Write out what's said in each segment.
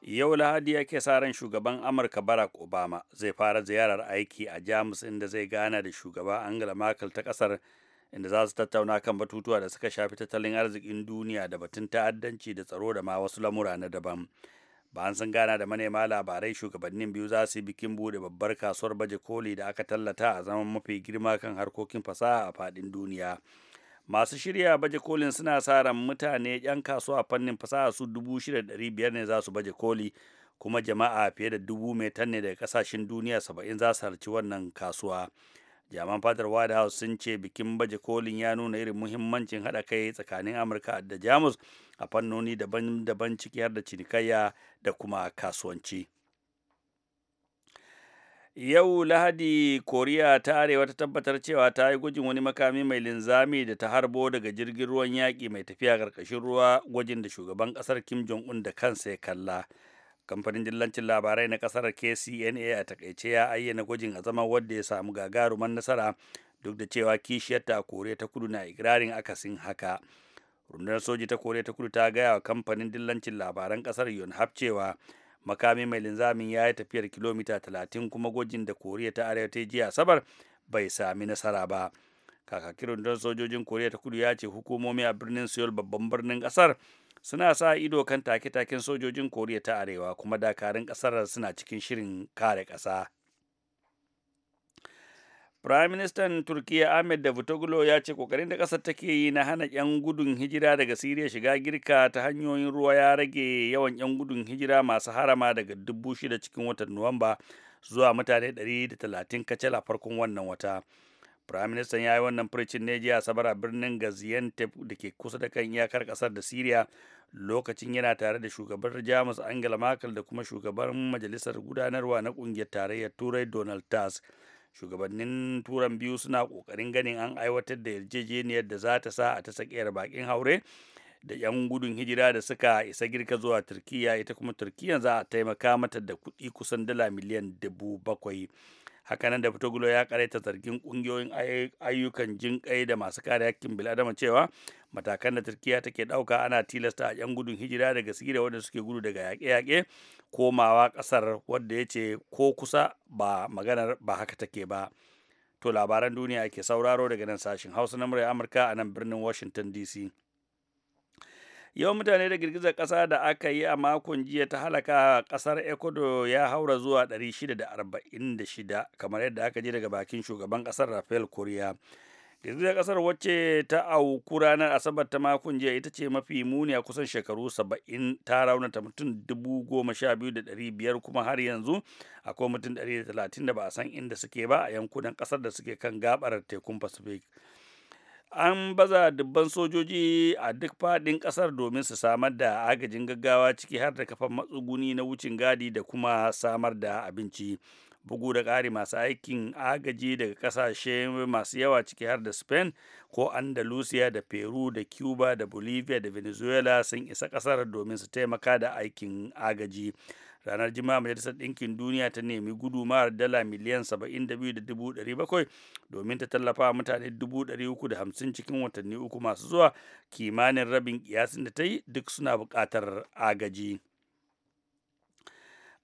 yau lahadi yake sa ran shugaban amurka barack obama zai fara ziyarar aiki a jamus inda zai gana da shugaba angela merkel ta kasar inda za su tattauna kan batutuwa da suka shafi tattalin arzikin duniya da batun ta'addanci da tsaro da ma wasu lamura na daban bayan sun gana da manema labarai shugabannin biyu za su yi bikin bude babbar kasuwar baje koli da aka tallata a zaman mafi girma kan harkokin fasaha a faɗin duniya masu shirya baje kolin suna sa ran mutane 'yan kasuwa fannin fasaha su 6,500 ne za su baje koli kuma jama'a fiye da dubu mai tanne daga kasashen duniya saba'in za su harci wannan kasuwa jaman fadar white house sun ce bikin baje kolin ya nuna irin muhimmancin haɗa kai tsakanin amurka da jamus a fannoni daban-daban ciki har da cinikayya da kuma kasuwanci yau lahadi koriya ta arewa ta tabbatar cewa ta yi gwajin wani makami mai linzami da ta harbo daga jirgin ruwan yaƙi mai tafiya ƙarƙashin ruwa gwajin da shugaban ƙasar kim jong-un da kansa ya kalla kamfanin dillancin labarai na ƙasar kcna a takaice ya ayyana gwajin a zaman wadda ya samu gagaruman nasara duk da cewa kishiyarta a koriya ta kudu na ikirarin akasin haka rundunar soji ta koriya ta kudu ta gaya wa kamfanin dillancin labaran ƙasar yonhap cewa makami mai linzamin ya yi tafiyar kilomita 30 kuma gwajin da koriya ta arewa ta jiya asabar bai sami nasara ba kakakin don sojojin koriya ta kudu ya ce hukumomi a birnin seoul babban birnin kasar suna sa ido kan take-taken sojojin koriya ta arewa kuma dakarun kasar suna cikin shirin kare kasa Firaministan Turkiyya Ahmed Davutoglu ya ce kokarin da ƙasar take yi na hana 'yan gudun hijira daga Siriya shiga Girka ta hanyoyin ruwa ya rage yawan 'yan gudun hijira masu harama daga dubu shida cikin watan Nuwamba zuwa mutane 130 kacal a farkon wannan wata. Firaministan ya yi wannan furcin ne jiya sabar a birnin Gaziantep da ke kusa da kan iyakar kasar da Siriya lokacin yana tare da shugaban Jamus Angela Merkel da kuma shugaban majalisar gudanarwa na ƙungiyar tarayyar Turai Donald Tusk. shugabannin turan biyu suna kokarin ganin an aiwatar da yarjejeniyar da za ta sa a ta sakiyar bakin haure da 'yan gudun hijira da suka isa girka zuwa turkiya ita kuma turkiya za a taimaka mata da kuɗi kusan dala miliyan dubu bakwai hakanan da fitogulo ya karaita zargin kungiyoyin ayyukan jin-kai da masu kare hakkin biladama cewa matakan da turkiya take dauka ana tilasta a 'yan gudun hijira daga sigira wanda suke gudu daga yaƙe-yaƙe komawa kasar wadda ya ce ko kusa ba maganar ba haka take ba to labaran duniya ke sauraro daga nan sashen hausa na murya amurka a nan birnin washington dc yawan mutane da girgizar ƙasa da aka yi a makon jiya ta halaka ƙasar ecuador ya haura zuwa 646 kamar yadda aka ji daga bakin shugaban ƙasar rafael korea girgizar ƙasar wacce ta auku ranar asabar ta makon jiya ita ce mafi muni a kusan shekaru 70 ta raunata mutum 12,500 kuma har yanzu akwai mutum 130 da ba a san inda suke ba a yankunan ƙasar da suke kan gabar tekun pacific an baza dubban sojoji a duk faɗin ƙasar domin su samar da agajin gaggawa ciki har da kafan matsuguni na wucin gadi da kuma samar da abinci bugu da ƙari masu aikin agaji daga ƙasashe masu yawa ciki har da spain ko andalusia da peru da cuba da bolivia da venezuela sun isa ƙasar domin su taimaka da aikin agaji ranar jima'a majalisar ɗinkin duniya ta nemi gudumawar dala miliyan 72,700 domin ta tallafa mutane 350 cikin watanni uku masu zuwa kimanin rabin kiyasin da ta yi duk suna buƙatar agaji.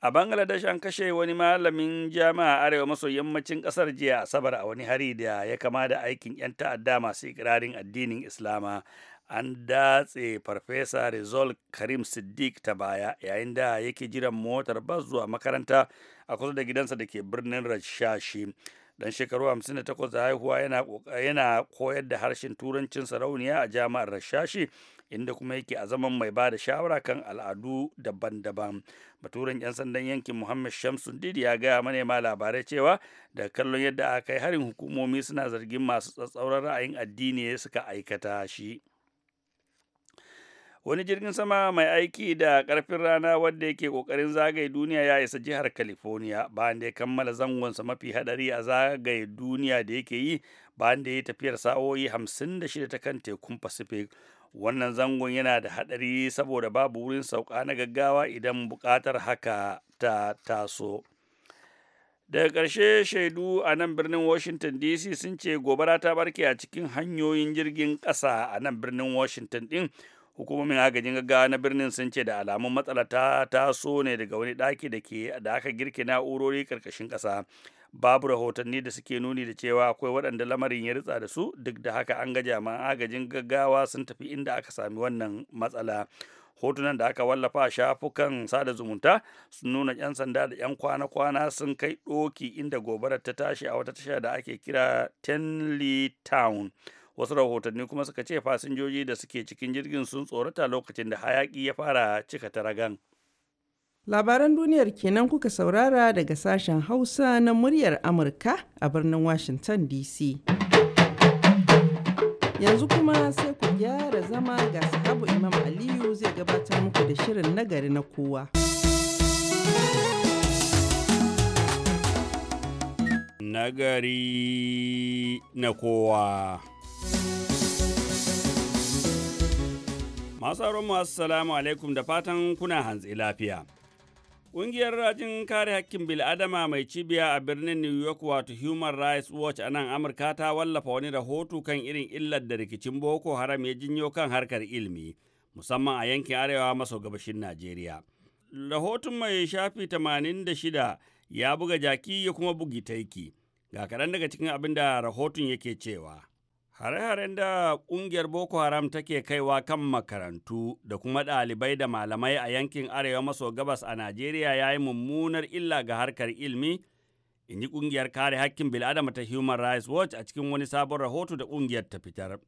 a bangladesh an kashe wani malamin jami'a arewa maso yammacin ƙasar jiya asabar a wani hari da ya kama da aikin 'yan ta'adda masu ikirarin addinin islama an datse farfesa Rizal Karim Siddiq ta baya yayin da yake jiran motar bas zuwa makaranta a kusa da gidansa da ke birnin Rashashi. Dan shekaru 58 da haihuwa yana, yana koyar da harshen turancin sarauniya a jami'ar Rashashi inda kuma yake a zaman mai ba da shawara kan al'adu daban-daban. baturan 'yan sandan yankin Muhammad didi ya gaya manema labarai cewa da kallon yadda aka yi harin hukumomi suna zargin masu tsatsauran ra'ayin addini suka aikata shi. wani jirgin sama mai aiki da karfin rana wanda yake ƙoƙarin zagaye duniya ya isa jihar california bayan da ya kammala zangonsa mafi hadari a zagaye duniya da yake yi bayan da ya tafiyar sa'o'i 56 ta kan tekun pacific wannan zangon yana da hadari saboda babu wurin sauka na gaggawa idan buƙatar haka ta taso daga ƙarshe shaidu a nan birnin washington dc sun ce gobara ta barke a cikin hanyoyin jirgin ƙasa a nan birnin washington din hukumomin agajin gaggawa na birnin sun ce da alamun matsala ta taso ne daga wani daki da ke da aka girke na'urori karkashin ƙasa babu rahotanni da suke nuni da cewa akwai waɗanda lamarin ya ritsa da su duk da haka an ga jami'an agajin gaggawa sun tafi inda aka sami wannan matsala hotunan da aka wallafa a shafukan sada zumunta sun nuna 'yan sanda da 'yan kwana-kwana sun kai ɗoki inda gobarar ta tashi a wata tasha da ake kira tenley town wasu rahotanni kuma suka ce fasinjoji da suke cikin jirgin sun tsorata lokacin da hayaki ya fara cika taragan labaran duniyar kenan kuka saurara daga sashen hausa na muryar amurka a birnin washington dc yanzu kuma sai ku gyara zama ga sahabu imam aliyu zai gabatar muku da shirin nagari na kowa nagari na kowa Masu assalamu alaikum da fatan kuna hantsi lafiya. Ƙungiyar rajin kare hakkin bil'adama mai cibiya a birnin New York wato Human Rights Watch a nan Amurka ta wallafa wani rahoto kan irin illar da rikicin Boko Haram ya jinyo kan harkar ilimi, musamman a yankin arewa maso gabashin Najeriya. Rahoton mai shafi 86 ya buga jaki ya kuma bugi taiki. Ga kaɗan daga cikin abin da rahoton yake cewa. Hare-haren da ƙungiyar Boko Haram take kaiwa kan makarantu da kuma ɗalibai da malamai a yankin Arewa maso gabas a Najeriya ya yi mummunar illa ga harkar ilmi, in ji ƙungiyar kare hakkin bil'adama ta Human Rights Watch a cikin wani sabon rahoto da ƙungiyar ta fitar.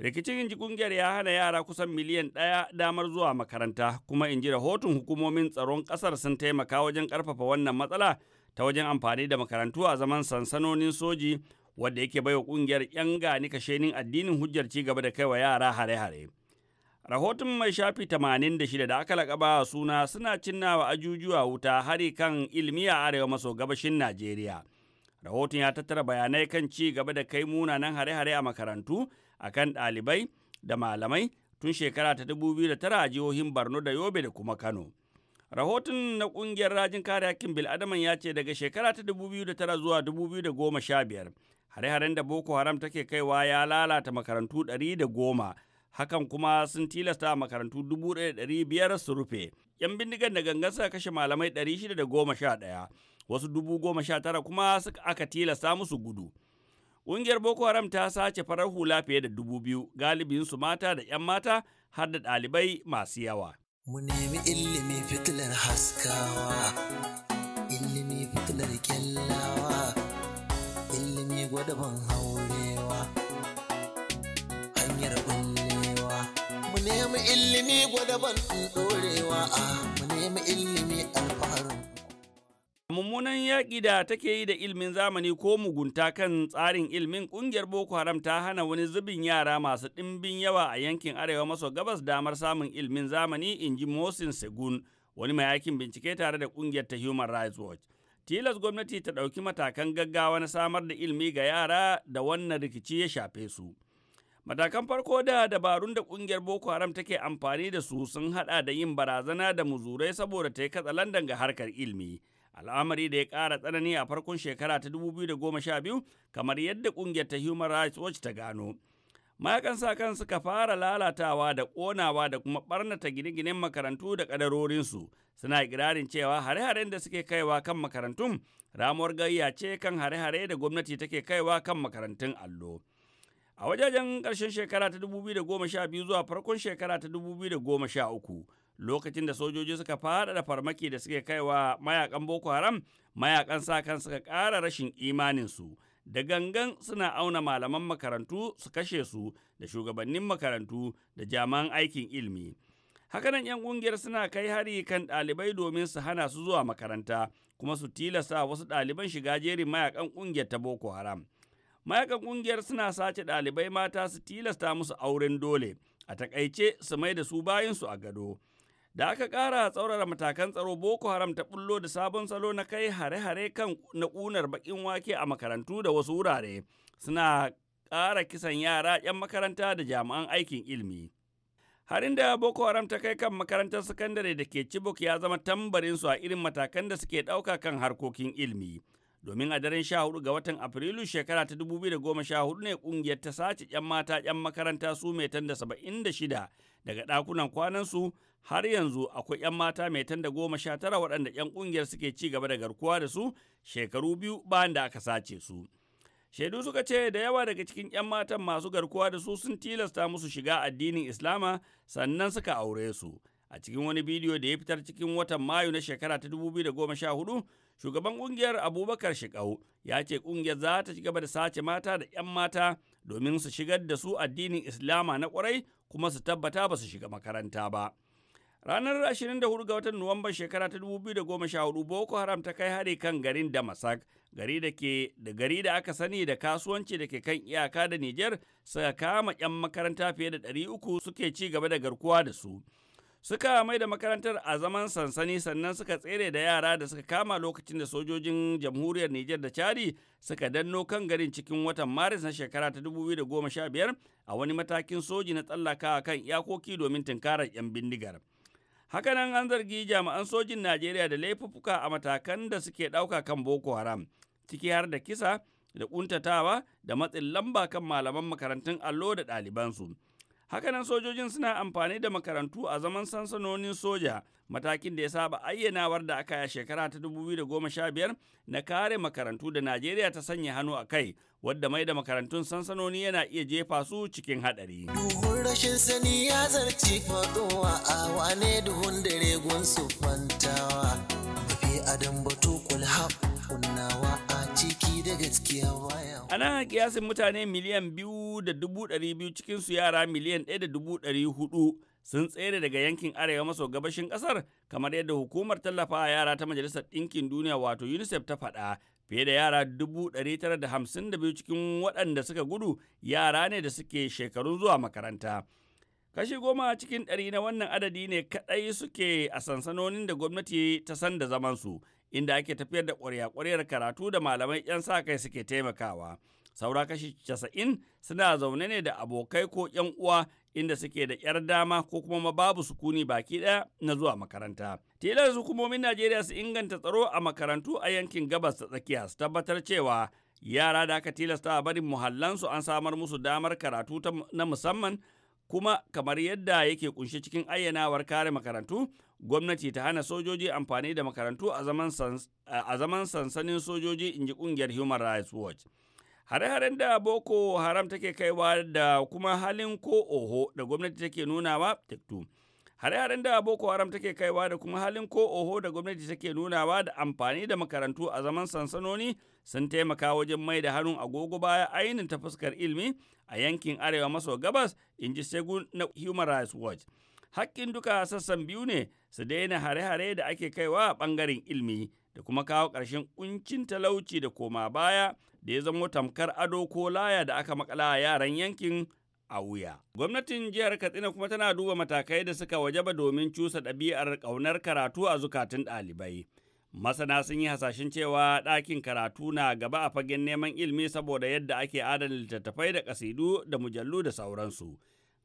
Rikicin in ji ƙungiyar ya hana yara kusan miliyan ɗaya damar zuwa makaranta, kuma in ji rahoton hukumomin tsaron ƙasar sun taimaka wajen ƙarfafa wannan matsala ta wajen amfani da makarantu a zaman sansanonin soji. wadda yake baiwa kungiyar 'yan gani kashenin addinin hujjar ci gaba da kaiwa yara hare-hare. Rahoton mai shafi 86 da aka lakaba suna suna cinnawa ajujuwa wuta hari kan ilmi a arewa maso gabashin Najeriya. Rahoton ya tattara bayanai kan ci gaba da kai munanan hare-hare a makarantu akan ɗalibai da malamai tun shekara ta 2009 a jihohin Borno da Yobe da kuma Kano. Rahoton na ƙungiyar rajin kare hakkin bil'adaman ya ce daga shekara ta 2009 zuwa 2015 hare-haren da boko haram take kaiwa ya lalata makarantu ɗari da goma hakan kuma sun tilasta makarantu dubu ɗari biyar su rufe yan bindigan da gangan suka kashe malamai ɗari shida da goma sha ɗaya wasu dubu goma sha tara kuma aka tilasta musu gudu ƙungiyar boko haram ta sace farar hula fiye da dubu biyu su mata da 'yan mata har da ɗalibai masu yawa mu nemi ilimi fitilar haskawa ilimi fitilar kyalla ban haurewa hanyar bullewa mu nemi ilimi gwada dorewa a mu nemi ilimi alfaharin mummunan yaƙi da take yi da ilimin zamani ko mugunta kan tsarin ilmin ƙungiyar boko haram ta hana wani zubin yara masu ɗimbin yawa a yankin arewa maso gabas damar samun ilmin zamani in ji mosin segun wani mayakin bincike tare da ƙungiyar ta human rights watch tilas gwamnati ta ɗauki matakan gaggawa na samar da ilimi ga yara da wannan rikici ya shafe su. Matakan farko da dabarun da ƙungiyar Boko Haram take amfani da su sun haɗa da yin barazana da muzurai saboda ta yi katsalandan ga harkar ilimi. Al'amari da ya ƙara tsanani a farkon shekara ta 2012 kamar yadda ƙungiyar ta Human Rights Watch ta gano. mayakan sa kan suka fara lalatawa da ƙonawa da kuma ɓarnata gine-ginen makarantu da ƙadarorinsu suna ikirarin cewa hare-haren da suke kaiwa kan makarantun ramuwar gayya ce kan hare-hare da gwamnati take kaiwa kan makarantun allo. A wajajen ƙarshen shekara ta 2012 zuwa farkon shekara ta 2013, lokacin da sojoji suka faɗaɗa farmaki da suke kaiwa mayakan Boko Haram, mayakan sa kan suka ƙara rashin imaninsu, da gangan suna auna malaman makarantu su kashe su da shugabannin makarantu da jami'an aikin ilimi. Hakanan 'yan ƙungiyar suna kai hari kan ɗalibai domin su hana su zuwa makaranta kuma su tilasta wasu ɗaliban shiga jerin mayakan ƙungiyar ta Boko Haram. Mayakan ƙungiyar suna sace ɗalibai mata su tilasta musu auren dole, a takaice su mai da su bayansu a gado. Da aka ƙara tsaurara matakan tsaro Boko Haram ta bullo da sabon salo na kai hare-hare kan na ƙunar bakin wake a makarantu da wasu wurare, suna ƙara kisan yara 'yan makaranta da jami'an aikin ilimi. Harin da Boko Haram ta kai kan makarantar sakandare da ke Chibok ya zama tambarin su a irin matakan da suke ɗauka kan harkokin ilimi. domin a daren 14 ga watan Afrilu shekara ta 2014 ne kungiyar ta sace 'yan mata 'yan makaranta su mai tanda 76 daga ɗakunan su. har yanzu akwai 'yan mata mai tanda goma sha tara waɗanda 'yan ƙungiyar suke ci gaba da garkuwa da su shekaru biyu bayan da aka sace su. Shaidu suka ce da yawa daga cikin 'yan matan masu garkuwa da su sun tilasta musu shiga addinin Islama sannan suka aure su. A cikin wani bidiyo da ya fitar cikin watan Mayu na shekara ta 2014, shugaban ƙungiyar Abubakar Shikau ya ce ƙungiyar za ta ci gaba da sace mata da 'yan mata domin su shigar da su addinin Islama na kwarai kuma su tabbata ba su shiga makaranta ba. Ranar 24 ga watan Nuwamban shekara ta 2014 Boko Haram ta kai hari kan garin Damasak, gari da ke da gari da aka sani da kasuwanci da ke kan iyaka da Nijar suka kama 'yan makaranta fiye da 300 suke ci gaba da garkuwa da su. Suka mai da makarantar a zaman sansani sannan suka tsere da yara da suka kama lokacin da sojojin jamhuriyar Nijar da Chadi suka danno kan garin cikin watan Maris na shekara ta 2015 a wani matakin soji na tsallaka kan iyakoki domin tunkarar 'yan bindigar. haka nan an zargi jami'an sojin Najeriya da laifuffuka a matakan da suke ɗauka kan Boko Haram, ciki har da kisa da ƙuntatawa da matsin lamba kan malaman makarantun allo da ɗalibansu. Hakanan sojojin suna amfani da makarantu a zaman sansanonin soja, matakin da ya saba ayyanawar da aka yi a shekara ta 2015 na kare makarantu da Najeriya ta sanya hannu a kai, wadda mai da makarantun sansanoni yana iya jefa su cikin haɗari. Duhun rashin sani ya zarci faɗowa a wane duhun dare gun su fantawa, mafi adam batu kulhaf kunnawa. Ana kiyasin mutane miliyan biyu da dubu ɗari biyu cikinsu yara miliyan ɗaya da dubu ɗari hudu sun tsere daga yankin arewa maso gabashin ƙasar kamar yadda hukumar tallafa yara ta Majalisar Ɗinkin Duniya wato UNICEF ta faɗa fiye da yara 952 cikin waɗanda suka gudu yara ne da suke shekarun zuwa makaranta. Kashi goma cikin ɗari na wannan adadi ne kaɗai suke a sansanonin da gwamnati ta san da zamansu, inda ake tafiyar da ƙwarya-ƙwaryar karatu da malamai 'yan sa kai suke taimakawa. Saura kashi casa'in suna zaune ne da abokai ko 'yan uwa inda suke da 'yar dama ko kuma babu sukuni baki ɗaya na zuwa makaranta. Tilas hukumomin Najeriya su inganta tsaro a makarantu a yankin gabas ta tsakiya su tabbatar cewa yara da aka tilasta a barin muhallansu an samar musu damar karatu na musamman kuma kamar yadda yake kunshe cikin ayyanawar kare makarantu gwamnati ta hana sojoji amfani da makarantu a zaman sansanin sojoji in ji kungiyar human rights watch hare-haren da boko haram take kaiwa da kuma halin ko oho da gwamnati take nunawa tattu hare-haren da boko haram take kaiwa da kuma halin ko oho da gwamnati take nunawa da amfani da makarantu a zaman sansanoni sun taimaka wajen mai da hannun agogo baya ainihin ta fuskar ilmi a yankin arewa maso gabas in ji na human rights watch hakkin duka sassan biyu ne su daina hare-hare da ake kaiwa a ɓangaren ilmi da kuma kawo ƙarshen ƙuncin talauci da koma baya da ya zama tamkar ado ko laya da aka makala yaran yankin a wuya. Gwamnatin jihar Katsina kuma tana duba matakai da suka wajaba domin cusa ɗabi'ar ƙaunar karatu a zukatun ɗalibai. Masana sun yi hasashen cewa ɗakin karatu na gaba a fagen neman ilimi saboda yadda ake adana littattafai da ƙasidu da mujallu da sauransu.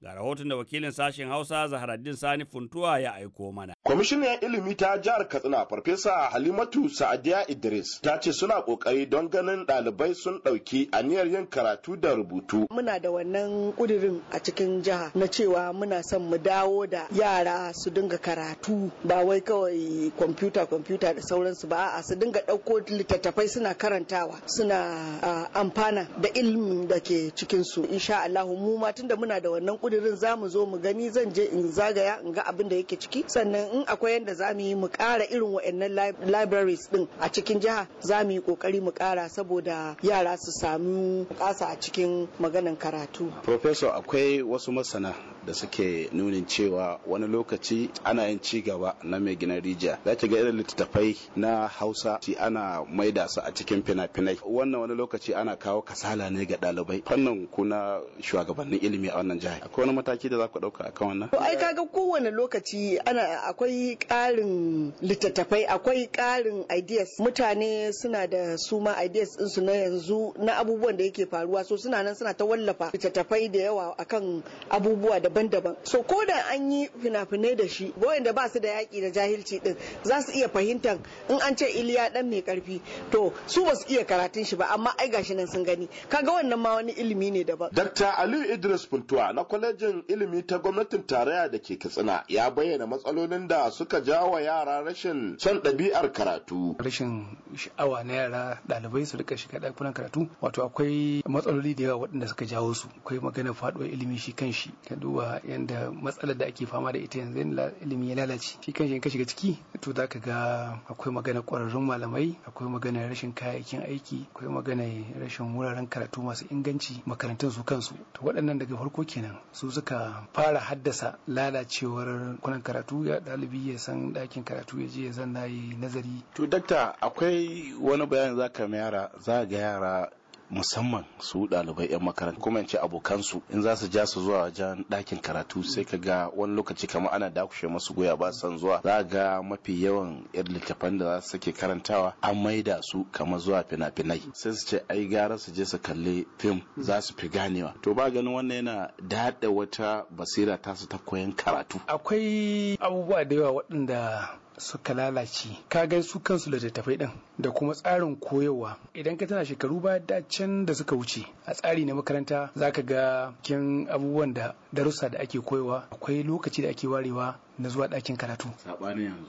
Ga rahoton da wakilin sashen Hausa Zaharaddin Sani Funtuwa ya aiko mana. Kwamishinan ilimi ta jihar Katsina Farfesa Halimatu Sa'adiya Idris ta ce suna kokari don ganin ɗalibai sun ɗauki aniyar yin karatu da rubutu. Muna da wannan ƙudurin a cikin jiha na cewa muna son mu dawo da yara su dinga karatu ba wai kawai kwamfuta kwamfuta da sauransu ba a su dinga ɗauko littattafai suna karantawa suna amfana da ilimin da ke cikinsu. Insha Allah mu ma tunda muna da wannan ƙudurin kudirin za mu zo mu gani zan je in zagaya in ga abin da yake ciki sannan in akwai yadda za mu yi mu ƙara irin wa'annan libraries din a cikin jiha za mu yi ƙoƙari mu ƙara saboda yara su samu ƙasa a cikin maganan karatu. Professor akwai wasu masana da suke nunin cewa wani lokaci ana yin cigaba na mai gina rijiya za ki ga irin littattafai na hausa ci ana maida su a cikin fina-finai wannan wani lokaci ana kawo kasala ne ga ɗalibai fannin ku na shugabannin ilimi a wannan jihar akwai wani mataki da za ku ɗauka akan wannan. to ai kaga kowane lokaci ana akwai ƙarin littattafai akwai ƙarin ideas mutane suna da su ma ideas ɗinsu na yanzu na abubuwan da yake faruwa so suna nan suna ta wallafa littattafai da yawa akan abubuwa da daban-daban so ko da an yi fina-finai da shi da ba su da yaƙi da jahilci din za su iya fahimtar in an ce iliya dan mai karfi to su ba su iya karatun shi ba amma ai gashi nan sun gani kaga wannan ma wani ilimi ne daban dr aliyu idris funtuwa na kwalejin ilimi ta gwamnatin tarayya da ke katsina ya bayyana matsalolin da suka jawa yara rashin son ɗabi'ar karatu rashin sha'awa na yara ɗalibai su rika shiga ɗakunan karatu wato akwai matsaloli da yawa waɗanda suka jawo su akwai magana faɗuwar ilimi shi kan shi ka duba duba yadda matsalar da ake fama da ita yanzu ilimi ya lalace shi kan shi ka shiga ciki to za ka ga akwai magana ƙwararrun malamai akwai magana rashin kayayyakin aiki akwai magana rashin wuraren karatu masu inganci makarantun su kansu to waɗannan daga farko kenan su suka fara haddasa lalacewar kunan karatu ya ɗalibi ya san ɗakin karatu ya je ya zanna yi nazari to dakta akwai wani bayan za ka yara za ga yara musamman su ɗalibai 'yan makaranta kuma yance abokan abokansu in za su ja su zuwa wajen ɗakin karatu sai ka ga wani lokaci kamar ana dakushe masu goya ba san zuwa za ga mafi yawan yan littafan da za su sake karantawa an maida su kamar zuwa fina-finai sai su ce ai gara su je su kalli fim za su fi ganewa to ba ganin wannan yana daɗa wata basira tasu ta koyan karatu akwai abubuwa da yawa waɗanda suka lalace ka gan su kansu littattafai din da kuma tsarin koyarwa idan ka tana shekaru baya da can da suka wuce a tsari na makaranta zaka ga kin abubuwan da darussa da ake koyarwa akwai lokaci da ake warewa na zuwa ɗakin karatu.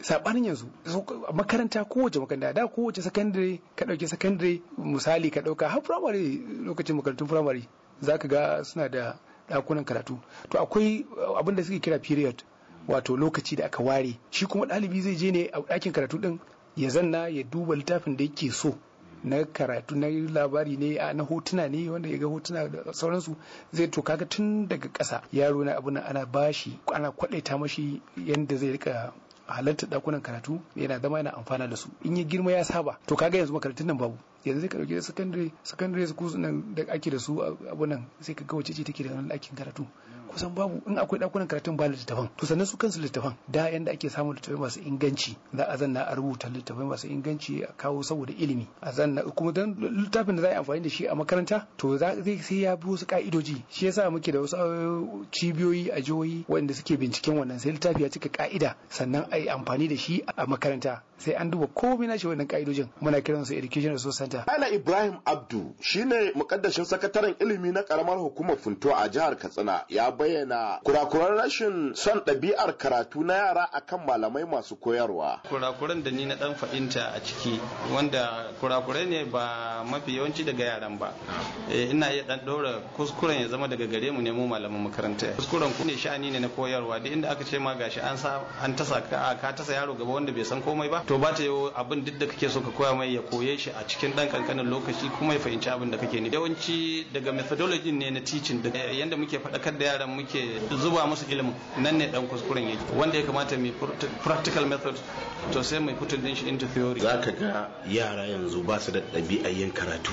Saɓanin yanzu. Makaranta kowace makaranta da kowace sakandare ka ɗauki sakandare misali ka ɗauka har firamare lokacin makarantun firamare za ka ga suna da ɗakunan karatu. To akwai abinda da suke kira period wato lokaci da aka ware shi kuma ɗalibi zai je ne a ɗakin karatu din ya zanna ya duba littafin da yake so na karatu na labari ne a na hotuna ne wanda ya ga hotuna da sauransu zai to kaga tun daga ƙasa yaro na abu ana bashi ana kwadaita mashi yadda zai rika halarta ɗakunan karatu yana zama yana amfana da su in ya girma ya saba to kaga yanzu makarantun nan babu yanzu zai ka dauki secondary secondary kusa nan da ake da su abunan sai ka ga ce take da wannan ɗakin karatu kusan babu in akwai dakunan karatun ba littattafan to sannan su kansu littattafan da yanda ake samun littattafai masu inganci za a zanna a rubuta littattafai masu inganci a kawo saboda ilimi a zanna kuma dan littafin da za a yi amfani da shi a makaranta to zai sai ya bi wasu ka'idoji shi yasa muke da wasu uh, cibiyoyi a jihohi waɗanda suke binciken wannan sai littafi ya cika ka'ida sannan a yi amfani da shi a makaranta sai an duba komai na shi wannan ka'idojin muna kiran su education resource center ala ibrahim abdu shine mukaddashin sakataren ilimi na karamar hukumar funtuwa a jihar katsina ya bayyana kurakuran rashin son ɗabi'ar karatu na yara akan malamai masu koyarwa kurakuran da ni na dan fahimta a ciki wanda kurakurai ne ba mafi yawanci daga yaran ba eh, ina iya dan dora kuskuren ya zama daga gare mu ne mu malaman makaranta kuskuren ku ne sha'ani ne na koyarwa duk inda aka ce ma gashi an sa an tasa ka tasa yaro gaba wanda bai san komai ba to ba ta yi abin duk da kake so ka koya mai ya koye shi a cikin dan kankanin lokaci kuma ya fahimci abin da kake ni yawanci daga methodology ne na teaching da eh, yanda muke faɗakar da yaran muke zuba musu ilimin nan ne dan kuskuren yake wanda ya kamata mai practical method to sai mai putting din shi into theory zaka ga yara yanzu ba su da ɗabi'ar yin karatu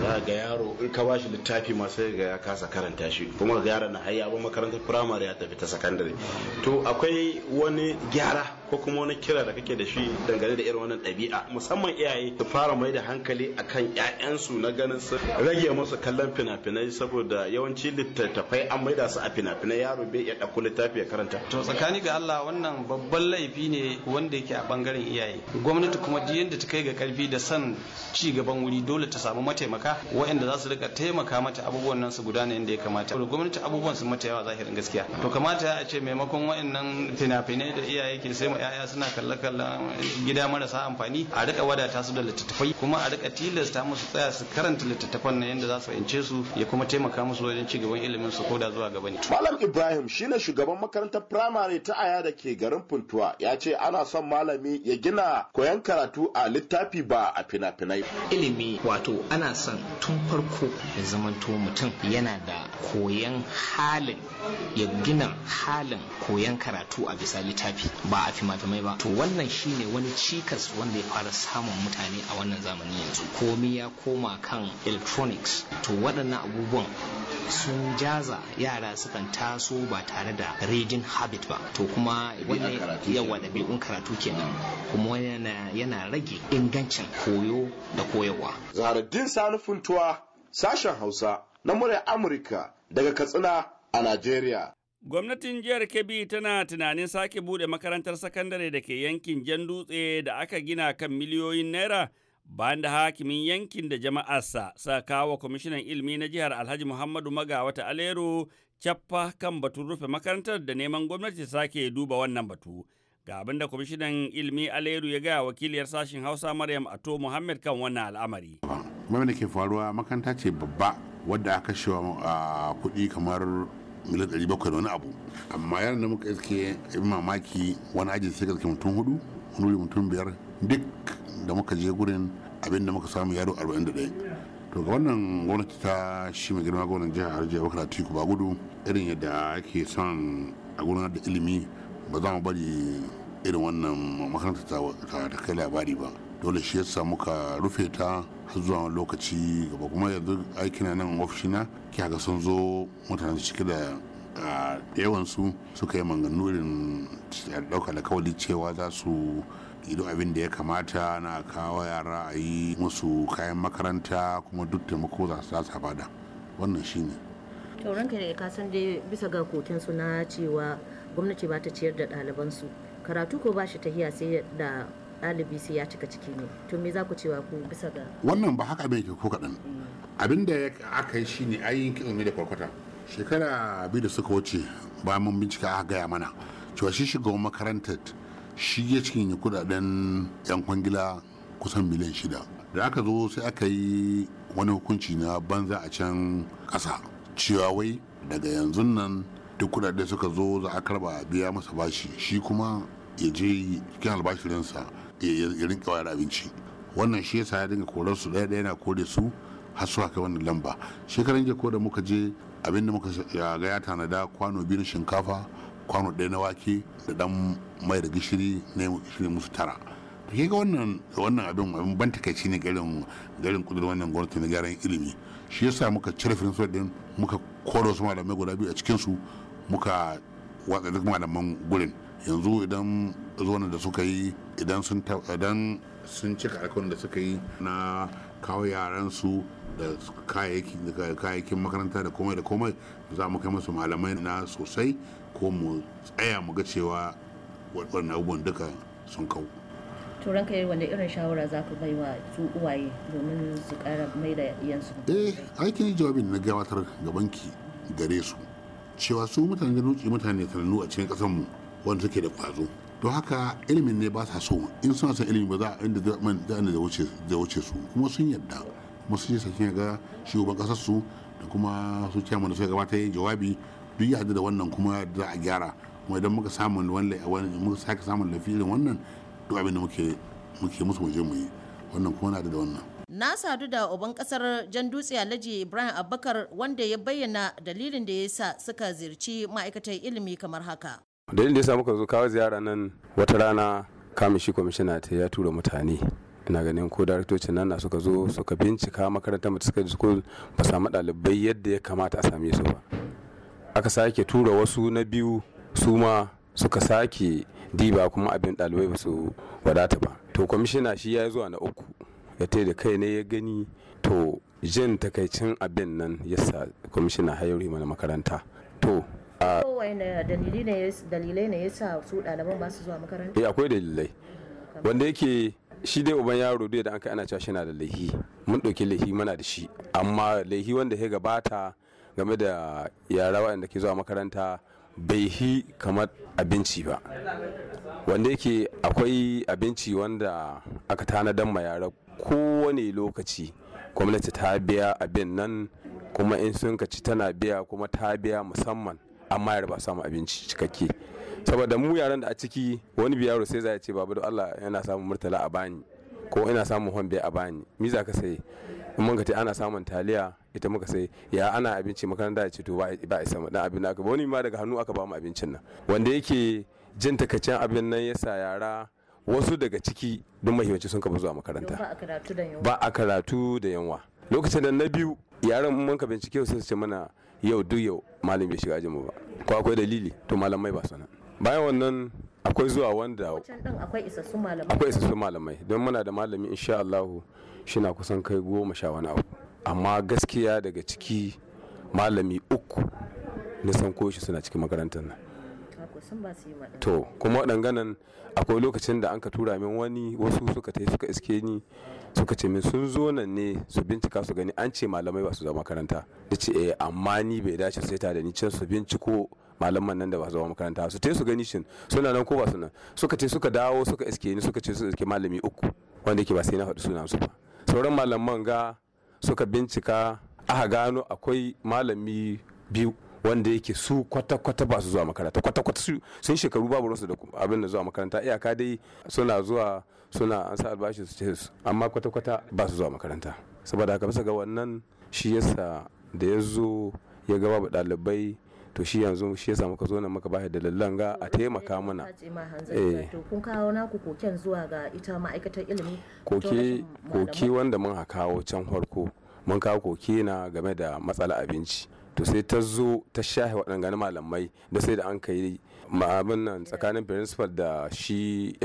za ga yaro in ka bashi littafi masu ga ya kasa karanta shi kuma ga yaron na har ba makarantar firamare ya tafi ta sakandare to akwai wani gyara ko kuma wani kira da kake da shi dangane da irin wannan ɗabi'a musamman iyaye su fara mai da hankali akan ƴaƴansu na ganin su rage musu kallon fina-finai saboda yawanci littattafai an da su a fina-finai yaro bai ya ɗauko littafi ya karanta. to tsakani ga Allah wannan babban laifi ne wanda yake a bangaren iyaye gwamnati kuma duk yadda ta kai ga karfi da san ci gaban wuri dole ta samu mataimaka waɗanda za su rika taimaka mata abubuwan nan su gudana yadda ya kamata gwamnati abubuwan su mata yawa zahirin gaskiya to kamata a ce maimakon waɗannan fina-finai da iyaye ke sai Ƴaƴa 'ya'ya suna kallon gida marasa amfani a rika wadata su da littattafai kuma a rika tilasta musu tsaya su karanta littattafan na yadda za su fahimce su ya kuma taimaka musu wajen ci gaban ilimin su ko da zuwa gaba ne. Malam Ibrahim shi ne shugaban makarantar firamare ta Aya da ke garin Funtuwa ya ce ana son malami ya gina koyan karatu a littafi ba a fina-finai. Ilimi wato ana son tun farko ya zamanto mutum yana da koyon halin ya gina halin koyon karatu a bisa littafi ba a matumai ba to wannan shine wani cikas wanda ya fara samun mutane a wannan zamani yanzu komi ya koma kan electronics to waɗannan abubuwan sun jaza yara sukan taso ba tare da reading habit ba to kuma wannan yawa da ɗabi'un karatu kenan kuma yana rage ingancin koyo da koyarwa zaharaddin sani funtuwa sashen hausa na murya amurka daga katsina a nigeria. Gwamnatin jihar Kebbi tana tunanin sake buɗe makarantar sakandare da ke yankin Jan Dutse da aka gina kan miliyoyin naira bayan da hakimin yankin da jama'arsa sa kawo kwamishinan ilimi na jihar Alhaji Muhammadu Maga wata Alero cappa kan batun rufe makarantar da neman gwamnati sake duba wannan batu. Ga abin da kwamishinan ilimi Alero ya gaya wakiliyar sashen Hausa Maryam Ato Muhammad kan wannan al'amari. Mabin da ke faruwa makaranta ce babba wadda aka shewa ah, kuɗi kamar miliyan ɗari bakwai da wani abu amma yaran da muka iske abin mamaki wani ajin sai gaske mutum hudu wani mutum biyar duk da muka je gurin abin da muka samu yaro 41 to ga wannan gwamnati ta shi mai girma gwamnan jihar harjiya da atiku ba gudu irin yadda ake son a gudanar da ilimi ba za mu bari irin wannan makaranta ta kai labari ba dole shi yasa muka rufe ta har zuwa lokaci gaba kuma yanzu aikina nan ofishina kya ga sun zo mutane cike da yawan yawansu suka yi manganu irin ɗauka da kawali cewa za su yi abin da ya kamata na kawo yara a yi musu kayan makaranta kuma duk taimako za su bada wannan shine ranka da ka san dai bisa ga koken su na cewa gwamnati ba ta ciyar da ɗalibansu karatu ko ba shi tahiya sai da ɗalibi sai ya cika ciki ne to me za ku cewa ku bisa ga wannan ba haka bai ko kaɗan mm. abin da aka yi shi ne ayi kitso da kwarkwata shekara biyu da suka wuce ba mun bincika aka gaya mana cewa shi shugaban makarantar shi ya cikin ya kudaden yan kwangila kusan miliyan shida da aka zo sai aka yi wani hukunci na banza a can ƙasa cewa wai daga yanzu nan duk kudaden suka zo za a karba biya masa bashi shi kuma ya je cikin albashirinsa ya rinka abinci wannan shi yasa ya dinga korar su daya ɗaya yana kore su har su haka wannan lamba shekaran jiya ko da muka je abin da muka ga ya tanada kwano biyu shinkafa kwano ɗaya na wake da dan mai da gishiri ne shirin musu tara to ke ga wannan wannan abin abin ban takaici ne garin garin kudur wannan gwamnati na gyaran ilimi shi yasa muka cire firinsu din muka koro su malamai guda biyu a cikin su muka watsa duk malaman gurin yanzu idan zonin da suka yi idan sun idan sun cika alkawarin da suka yi na kawo yaran su da kayayyakin makaranta da komai da komai za mu kai musu malamai na sosai ko mu tsaya mu ga cewa waɗannan abubuwan duka sun kawo turan kai wanda irin shawara za ka bai wa su uwaye domin su ƙara mai da iyansu eh aikin jawabin na gabatar gabanki gare su cewa su mutane da nutsi mutane sanannu a cikin ƙasarmu mu wanda suke da kwazo don haka ilimin ne ba sa so in suna son ilimin ba za a inda da wuce su kuma sun yadda kuma sun yi sakin ga shugaban kasar su da kuma su ce mana sai gabata yin jawabi duk ya da wannan kuma za a gyara kuma idan muka samun wani muka sake samun lafi irin wannan duk abin da muke muke musu waje mu yi wannan kuma na da wannan na sadu da uban kasar jan dutse alhaji ibrahim abubakar wanda ya bayyana dalilin da ya sa suka zirci ma'aikatan ilimi kamar haka da ya samu muka zo kawo ziyara nan wata rana kamun shi kwamishina ta ya tura mutane ina ganin ko daraktocin nan na suka zo suka bincika makarantar mu suka ko ba samu ɗalibai yadda ya kamata a same su ba aka sake tura wasu na biyu su ma suka sake diba kuma abin ɗalibai ba su wadata ba to kwamishina shi ya zuwa na uku ya da kai ne ya gani to jin takaicin abin nan ya sa kwamishina hayar mana makaranta dalilai ne ya sa su ɗaliban ba su zuwa makaranta eh akwai dalilai wanda yake shi dai uban yaro dai da an ana cewa shina na da laihi mun ɗauki laihi mana da shi amma laihi wanda ya gabata game da yara waɗanda ke zuwa makaranta bai hi kamar abinci ba wanda yake akwai abinci wanda aka tanadan ma yara kowane lokaci gwamnati ta biya abin nan kuma in sun ci tana biya kuma ta biya musamman amma yar ba samu abinci cikakke saboda mu yaran da a ciki wani biyaro sai za ce babu da Allah yana samun murtala a bani ko ina samun hombe a bani mi za ka sai in mun ka ana samun taliya ita muka sai ya ana abinci makaranta ya ce to ba a sama dan abin da aka ba wani ma daga hannu aka ba mu abincin nan wanda yake jin takaccen abin nan yasa yara wasu daga ciki duk mahimmanci sun kafa zuwa makaranta ba a karatu da yanwa lokacin da na biyu yaran mun ka bincike su ce mana yau duk yau malam bai shiga ajinmu ba ko akwai dalili to malamai ba sana bayan wannan akwai zuwa wanda akwai isassun malamai don muna da malami insha Allah shi na kusan kai goma sha wani abu amma gaskiya daga ciki malami uku na san koshi suna cikin makarantar nan to kuma waɗanganan akwai lokacin da an ka tura min wani wasu suka ta suka iske ni suka ce min sun zo nan ne su bincika su gani an ce malamai ba su zama makaranta da ce eh amma ni bai dace sai ta da ni can su binciko malaman nan da ba su zama makaranta su te su gani shin suna nan ko ba su nan suka ce suka dawo suka iske ni suka ce su iske malami uku wanda yake ba sai na faɗi suna su ba sauran malaman ga suka bincika aka gano akwai malami biyu wanda yake su kwata-kwata ba su zuwa makaranta kwata-kwata su sun shekaru babu rasu da abin da zuwa makaranta iyaka dai suna zuwa suna an sa albashi su ce su amma kwata-kwata ba su zuwa makaranta saboda haka bisa ga wannan shi yasa da ya zo ya gaba ba ɗalibai to shi yanzu shi yasa muka zo nan muka bashi da ga a taimaka mana eh kun kawo naku koken zuwa ga ita ma'aikatar ilimi koke koke wanda mun kawo can farko mun kawo koke na game da matsala abinci to sai ta zo ta shahe waɗannan malamai da sai da an kai ma'abin nan tsakanin principal da shi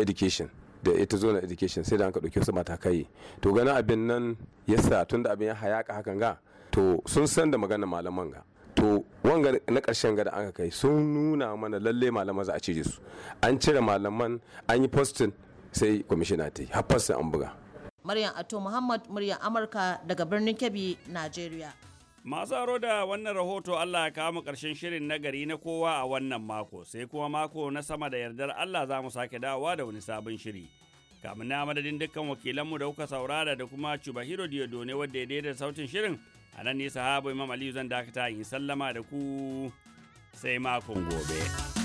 education da ita zo na education sai da an ka ɗauki wasu matakai to ganin abin nan ya sa tun da abin ya hayaka hakan ga to sun san da magana malaman ga to wanga na ƙarshen gada an kai sun nuna mana lalle malaman za a cije su an cire malaman an yi postin sai kwamishina ta yi har an buga Maryam Ato Muhammad muryar Amurka daga birnin Kebbi, Najeriya. Masu aro da wannan rahoto Allah ya kawo mu ƙarshen shirin na gari na kowa a wannan mako, sai kuma mako na sama da yardar Allah za mu sake dawowa da wani sabon shiri. Kamun na madadin dukkan wakilanmu da kuka saurara da kuma Hiro Chubahiro ne wadda ya daidaita sautin shirin, a nan ne sahabo Imam Aliyu zan dakata in sallama da ku sai makon gobe.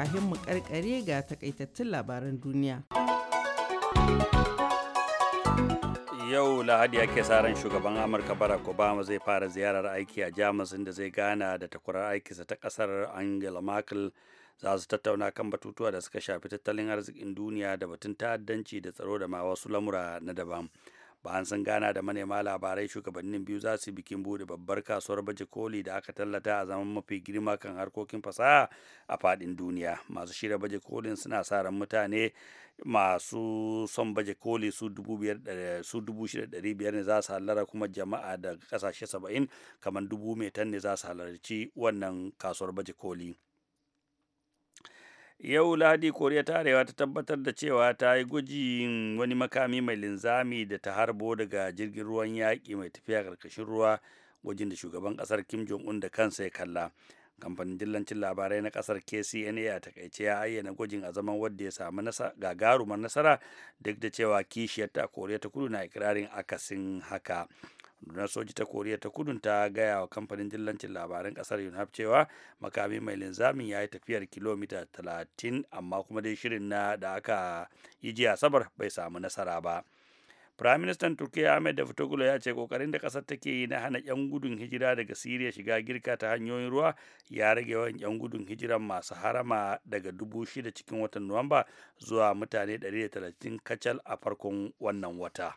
kahin mu karkare ga takaitattun labaran duniya. yau lahadi ake sa ran shugaban amurka barack obama zai fara ziyarar aiki a jamus inda zai gana da takwarar aikinsa ta kasar angela merkel za su tattauna kan batutuwa da suka shafi tattalin arzikin duniya da batun ta'addanci da tsaro da ma wasu lamura na daban bayan sun gana da manema labarai shugabannin biyu za su bikin bude babbar kasuwar baje koli da aka tallata a zaman mafi girma kan harkokin fasaha a fadin duniya masu shirya baje kolin suna sa ran mutane masu son baje koli su dubu ne za su hallara kuma jama'a da kasashe saba'in kamar dubu tan ne za su halarci wannan kasuwar baje koli. yau lahadi koriya ta arewa ta tabbatar da cewa ta yi gwajin wani makami mai linzami da ta harbo daga jirgin ruwan yaƙi mai tafiya karkashin ruwa gwajin da shugaban ƙasar kim jong un da kansa ya kalla kamfanin dillancin labarai na kasar kcna a takaice ya ayyana gwajin a zaman wadda ya samu gagarumar nasara duk da cewa kishiyarta koriya ta kudu na ikirarin akasin haka rundunar soji ta koriya ta kudun ta gaya wa kamfanin dillancin labaran kasar yunaf cewa makami mai linzamin ya yi tafiyar kilomita 30 amma kuma dai shirin na da aka yi jiya sabar bai samu nasara ba minister Turkiyya Ahmed Davutoglu ya ce kokarin da kasar take yi na hana 'yan gudun hijira daga Siriya shiga girka ta hanyoyin ruwa ya rage yawan 'yan gudun hijiran masu harama daga dubu cikin watan Nuwamba zuwa mutane 130 kacal a farkon wannan wata.